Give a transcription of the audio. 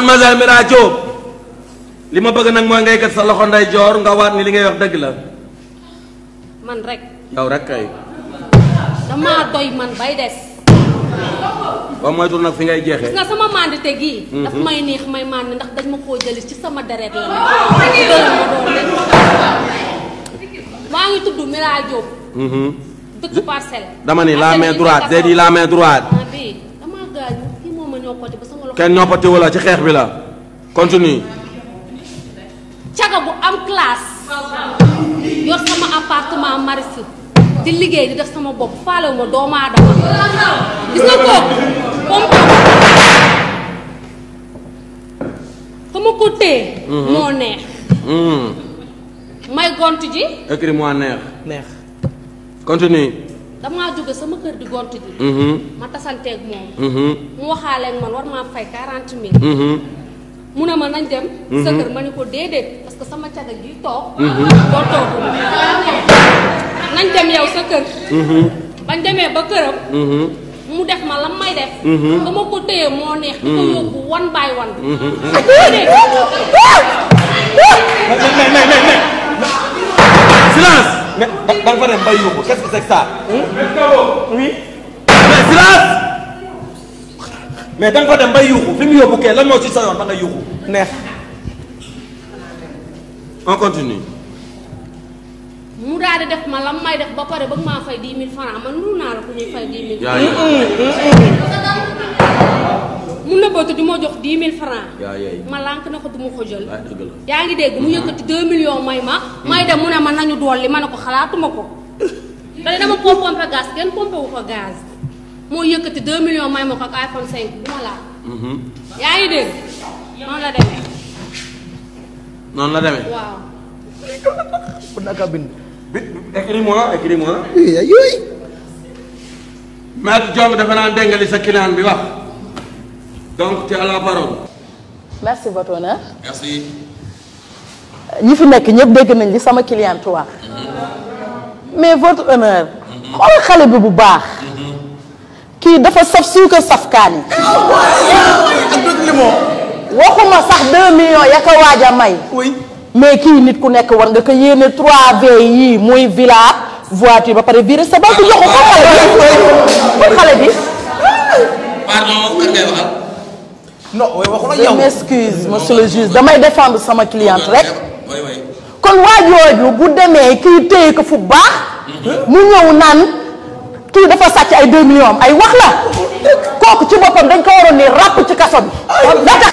mademoiselle Mira Diop li ma bëgg nag mooy ngay kat sa loxo nday joor nga waat ni li ngay wax dëgg la. man rek. yow rek kay. damaa doy man bay des. waaw moytul nag fi ngay jeexee. gis nga sama mandite gii. Mhm. daf may neex may màndi ndax dañ ma koo jëli ci sama deret la. maa ngi tudd Mira Diop. Mhm. dëkk dama ni la main droite zedi la main droite. kenn ñoppati wala ci xeex bi la continue caga bu am classe yor sama appartement maris di liggéey di def sama bopp faalewu ma doomu aadama gis nga kooku comme comme ko téye mhm. moo neex mhm. may gont ji écris-moi neex neex continue damaa jóge sama kër di gont ji mhm. ma tasanteeg moom mhm. mu waxaaleeg man war maa fay quarante mille mhm. mu ne ma nañ dem sa kër ma ne ko déedéet parce que sama caga ji toog boo nañ dem yow sa kër bañ demee ba këram mu def ma la may def ba ma ko téye moo neex di ko yóbbu one by one da nga fa dem bay yóbbu qu'est-ce que mais silence. mais da fa dem bay yuuxu fi mu yóbbu kee lan moo ci sa ba nga yuuxu neex. on continue. mu daal di def ma lam may def ba pare bëgg maa fay dix mille francs man nuru naa la ku ñuy fay dix mille. mu nëbbatu di ma jox dix mille francs ma lànk na ko du ma ko jël ah, yaa ngi dégg mu yëkkati deux millions may ma may dem mu ne ma nañu dolli ma ne ko xalaatuma ko te dama koo pompe gaz kenn pompe wu ko moo yëkkati deux millions may ma ko ak iPhone 5 bu ma laal mhm. yaa ngi dégg noonu la demee noonu la demee waaw ku naka dafa naan dégg nga li sa client bi wax donc tu as ñi fi nekk ñëpp dégg nañ li sama cliente wax. mais votre honneur. Mm-hmm. xoolal xale bi bu baax. Mm-hmm. kii dafa saf suukar saf kaani. waxuma sax 2 millions ya ko waaj may. mais kii nit ku nekk war nga ko yéene 3V yii muy villa voiture ba pare viré sa bopp jox ko ah, xale xale bi. non waxuma yow je m'excuse monsieur le damay défendre sama cliente rek. kon waajooju bu demee kii téye ko fu baax. mu ñëw naan kii dafa sàcc ay 2 millions ay wax la. kooku ci boppam dañ ko waroon ni ràpp ci kaso bi.